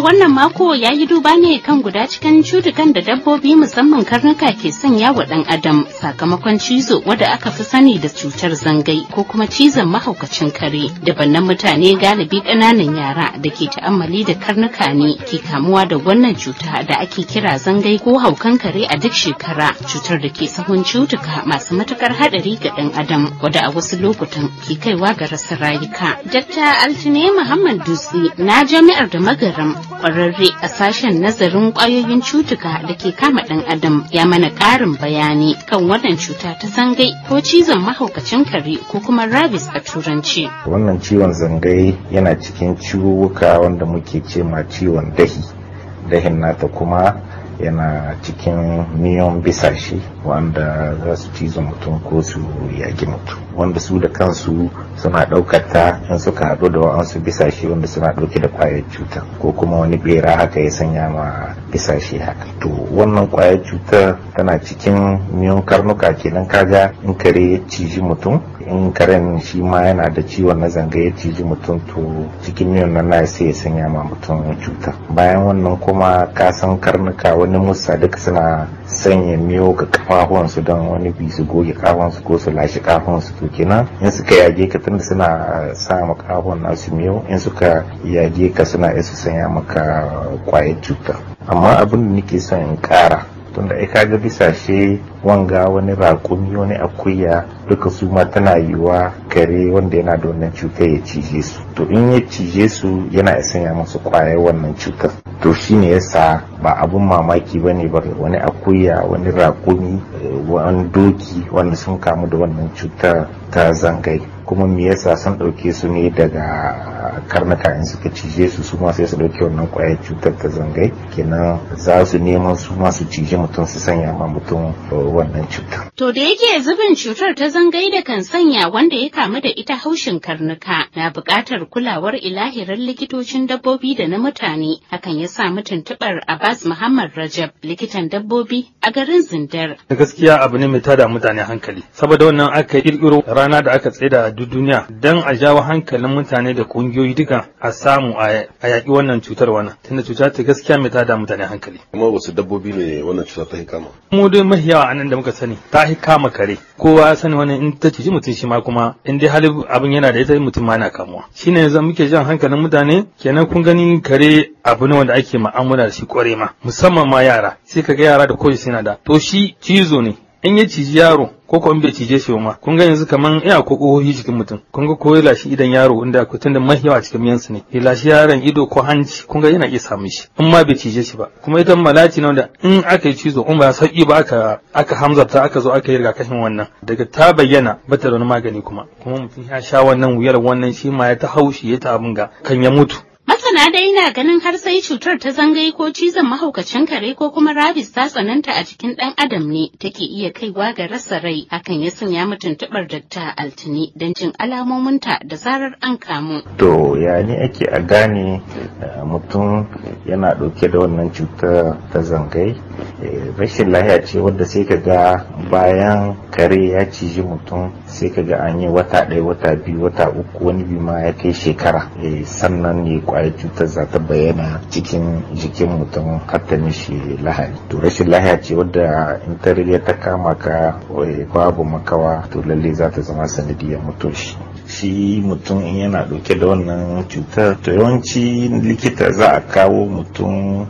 wannan mako ya yi duba ne kan guda cikin cutukan da dabbobi musamman karnuka ke sanya wa ɗan adam sakamakon cizo wadda aka fi sani da cutar zangai ko kuma cizon mahaukacin kare. Dabannan mutane galibi ƙananan yara da ke ta'ammali da karnuka ne ke kamuwa da wannan cuta da ake kira zangai ko haukan kare a duk shekara cutar da ke sahun cutuka masu matukar haɗari ga ɗan adam wadda a wasu lokutan ke kaiwa ga rasa rayuka. Dakta Altine Muhammad Dutse na jami'ar da magaram kwararre a sashen nazarin kwayoyin cutuka da ke kama ɗan adam ya mana ƙarin bayani kan wannan cuta ta zangai ko cizon mahaukacin kare ko kuma rabis a turanci. Wannan ciwon zangai yana cikin ciwuka wanda muke ce ma ciwon dahi. Dahin nata kuma yana cikin miyan shi wanda za su cizo mutum ko su yaki mutum wanda su da kansu suna ɗaukar ta in suka haɗu da wa'ansu bisa shi wanda suna ɗauke da kwayar cutar ko kuma wani bera haka ya sanya ma bisa shi haka to wannan kwayar cutar tana cikin miyan karnuka kenan kaga in kare ya ciji mutum in karen shi ma yana da ciwon na zanga ya ciji mutum to cikin miyan nan na sai ya sanya ma mutum cuta bayan wannan kuma kasan karnuka wani musa duk suna sanya miyo ga kafafuwansu don wani bi su goge kafansu ko su lashe kafansu to kenan in suka yage ka tunda suna sa ma kafan nasu miyo in suka yage ka suna isa sanya maka kwayar cuta amma abin da nake son in kara tunda ai kaga bisashe wanga wani raƙumi wani akuya duka su ma tana yiwa kare wanda yana da wannan cuta ya cije su to in ya cije su yana ya sanya musu kwayar wannan cutar to shine yasa ba abun mamaki ba ne ba wani akuya wani raƙumi eh, wani doki wanda sun kamu da wannan cutar ta zangai kuma me yasa sun ɗauke su ne daga karnuka in suka cije su su ma sai su ɗauke wannan ƙwayar cutar ta zangai kenan za su neman su ma cije mutum su sanya ma mutum uh, wannan cutar. To da yake zubin cutar ta zangai da kan sanya wanda ya kamu da ita haushin karnuka na bukatar kulawar ilahirar likitocin dabbobi da na mutane hakan ya sa mutuntuɓar Abbas Muhammad Rajab likitan dabbobi a garin Zindar. Gaskiya abu ne mai tada mutane hankali saboda wannan aka ƙirƙiro rana da aka tsaye da duk duniya don a jawo hankalin mutane da kungiyoyi duka a samu a yaƙi wannan cutar wannan tunda cuta ta gaskiya mai tada mutane hankali kuma wasu dabbobi ne wannan cuta ta kama mu dai a anan da muka sani ta kama kare kowa ya sani wannan in ta ciji mutum shi ma kuma in dai hali abin yana da ita mutum ma na kamuwa Shi ne yanzu muke jan hankalin mutane kenan kun gani kare abu ne wanda ake ma'amala da shi kware ma musamman ma yara sai ka ga yara da koyi suna da to shi cizo ne in ya ciji yaro ko kuma in bai cije shi ba kun ga yanzu kaman ina ko kohohi jikin mutum kun ga ko lashi idan yaro inda ku tunda mai yawa cikin miyansu ne ya lashi yaron ido ko hanci kun ga yana iya samu shi in ma bai cije shi ba kuma ita malaci na wanda in aka yi cizo in ba sauki ba aka aka hamzarta aka zo aka yi rigakafin wannan daga ta bayyana ba ta da wani magani kuma kuma mutum ya sha wannan wuyar wannan shi ma ya ta haushi ya ta abin ga kan ya mutu na dai na ganin har sai cutar ta zangai ko cizon mahaukacin kare ko kuma rabis ta tsananta a jikin ɗan adam ne take iya kaiwa ga rasa rai hakan ya sanya mu tuntuɓar dakta altini don jin alamominta da zarar an kamu. To ya ne ake a gane eh, mutum yana ɗauke da wannan cutar ta zangai rashin lahiya ce wadda sai ka ga bayan kare ya ciji mutum sai ka ga an yi wata ɗaya wata biyu wata uku wani biyu ma ya kai shekara eh, sannan ne kwayar cutar za ta bayyana cikin jikin mutum har ta mishi lahani to rashin lahiya ce wadda in ta ta kama ka eh, babu makawa to lalle za ta zama sanadiyar mutum shi shi mutum in yana ɗauke da wannan cutar to yawanci likita za a kawo mutum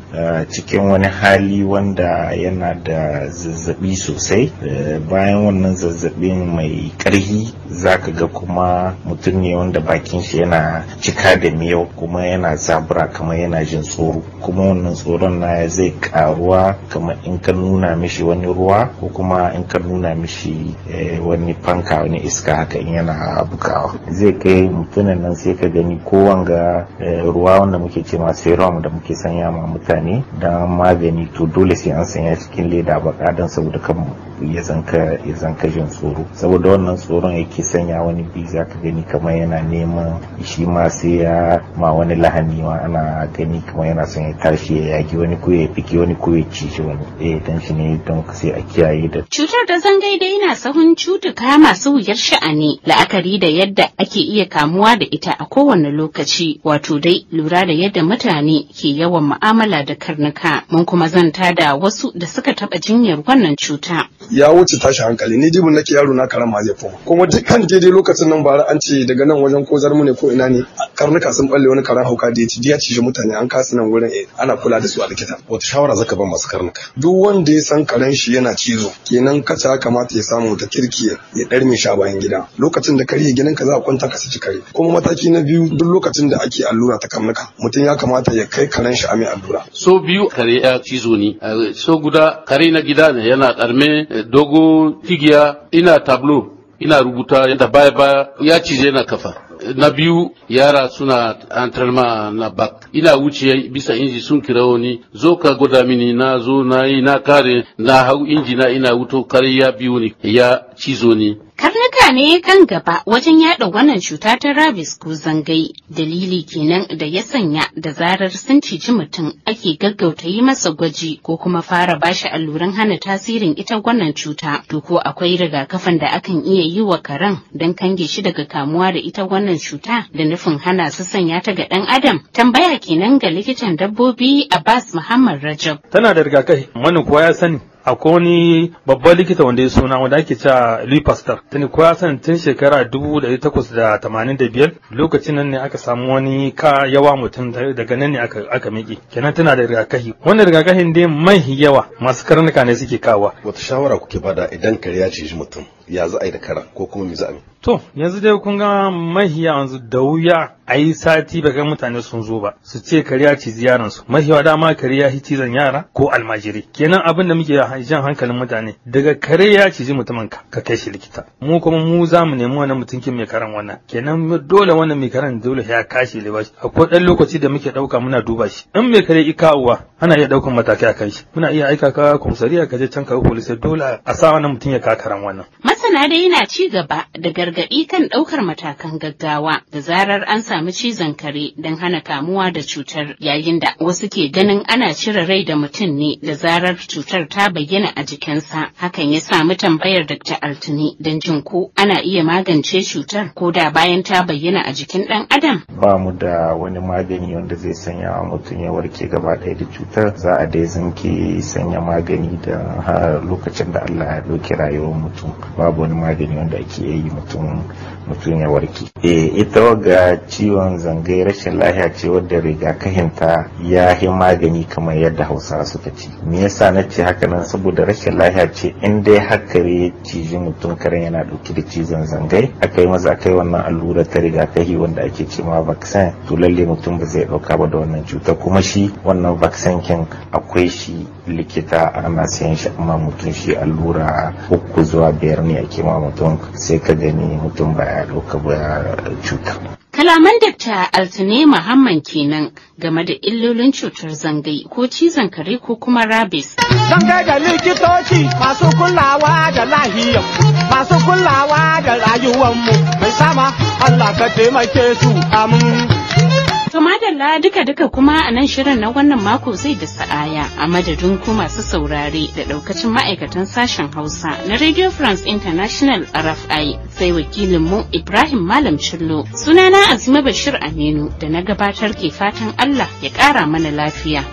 cikin wani hali wanda yana da zazzabi sosai e, bayan wannan zazzabin mai ƙarhi za ka ga kuma mutum ne wanda bakin shi yana cika da miyau kuma yana zabura kamar yana jin tsoro kuma wannan tsoron na zai karuwa kamar in ka nuna mishi wani ruwa ko kuma in ka nuna mishi e, wani fanka wani iska haka in yana bukawa zai kai mutumin nan sai ka gani ko wanga eh, ruwa wanda muke ce ma serum da muke sanya ma mutane don magani to dole sai an sanya cikin leda baka don saboda kan ya zanka ya zanka jin tsoro saboda wannan tsoron yake sanya wani bi za ka gani kamar yana neman shi ma sai ya ma wani lahani ma ana gani kamar yana son ya tashi ya yaki wani ko ya fiki wani ko ya shi wani eh dan shi ne don sai a kiyaye da cutar da zangai dai yana sahun cutuka masu wuyar sha'ani la'akari da yadda yadda ake iya kamuwa da ita a kowane lokaci wato dai lura da yadda mutane ke yawan mu'amala da karnuka mun kuma zanta da wasu da suka taba jinyar wannan cuta. Ya wuce tashi hankali ni jibin nake yaro na karama zai foma kuma dukkan daidai lokacin nan bara an ce daga nan wajen ko zarmu ne ko ina ne karnuka sun balle wani karan hauka da ya ci ya mutane an kasu nan wurin eh, ana kula da su a likita. Wata shawara zaka ba masu karnuka. Duk wanda ya san karen shi yana cizo kenan kaca kamata ya samu ta kirki ya ɗarme shi a bayan gida lokacin da kare ka za a kwanta ka saki kare kuma mataki na biyu duk lokacin da ake allura ta karnuka mutum ya kamata ya kai karen shi a mai allura so biyu kare ya cizo ni so guda kare na gida ne yana karme eh, dogo tigiya ina tablo ina rubuta da baya baya ya cije na kafa na biyu yara suna antarma na bak ina wuce bisa inji sun kirawo ni zo ka gwada mini na zo na yi na kare na hau inji na ina wuto kare ya biyu ne ya cizo ne. Karnuka ne kan gaba wajen yada wannan cuta ta rabies ko zangai. Dalili kenan da ya sanya da zarar sun cici mutum ake gaggauta yi masa gwaji ko kuma fara bashi alluran hana tasirin ita wannan cuta. To ko akwai rigakafin da akan iya yi wa karen don kange shi daga kamuwa da ita wannan cuta da nufin hana su sanya ta ga ɗan adam. Tambaya kenan ga likitan dabbobi Abbas Muhammad Rajab. Tana da rigakafi, mani kuwa ya sani akwai wani babban likita wanda ya suna wanda ake cewa Louis Pasteur tun ko ya san tun shekara 1885 lokacin nan ne aka samu wani ka yawa mutum daga nan ne aka miƙe kenan tana da rigakafi wannan rigakahin dai mai yawa masu karnuka ne suke kawa wata shawara kuke bada idan kare ya ci mutum ya za a yi da kara ko kuma me za a yi to yanzu dai kun ga mahiya yanzu da wuya a yi sati ba ga mutane sun zo ba su ce kariya ci ziyaran su wa dama kariya hi cizon yara ko almajiri kenan abin da muke jan hankalin mutane daga kare ya ciji mutumin ka ka kai shi likita mu kuma mu za mu nemi wannan mutunkin mai karan wannan kenan dole wannan mai karan dole ya kashi libashi akwai dan lokaci da muke dauka muna duba shi in mai kare ikawuwa ana iya daukan matakai kan shi muna iya aika ka kumsariya ka je can ka police dole a sa wannan mutum ya karan wannan Masana dai yana ci gaba da gargaɗi kan ɗaukar matakan gaggawa da zarar an samu cizon kare don hana kamuwa da cutar yayin da wasu ke ganin ana cire rai da mutum ne da zarar cutar ta bayyana a jikinsa. Hakan ya samu tambayar Dr. Altini don jin ko ana iya magance cutar ko da bayan ta bayyana a jikin ɗan adam. Ba mu da wani magani wanda zai sanya wa mutum ya warke gaba ɗaya da cutar za a dai zanke sanya magani da lokacin da Allah ya ɗauki rayuwar mutum. Babu wani magani wanda ake yi mutum mutum ya warke e ita ga ciwon zangai rashin lahiya ce wadda ta ya yi magani kamar yadda hausa suka ce me yasa na ce haka nan saboda rashin lahiya ce in dai hakare ciji mutum karen yana dauke da cizon zangai aka yi maza kai wannan allura ta rigakahi wanda ake ce ma vaccine to lalle mutum ba zai dauka ba da wannan cuta kuma shi wannan vaccine kin akwai shi likita ana sayan shi amma mutum shi allura uku zuwa biyar ne Kima mutum sai ka gani mutum ba ya ɗauka ba ya cuta. Kalaman Dakta Altine Muhammad kenan game da illolin cutar zangai ko cizon kare ko kuma rabis. Zangai da likitoci masu kulawa da lahiyar masu kulawa da rayuwar mu mai sama Allah ka taimake su amin. A duka-duka kuma a nan shirin na wannan mako zai da sa'aya a madadin ku masu saurare da daukacin ma'aikatan sashen Hausa na Radio France International RFI sai Wakilin Mu Ibrahim Malam Cillo. Sunana Azima Bashir Aminu da na gabatar ke fatan Allah ya ƙara mana lafiya.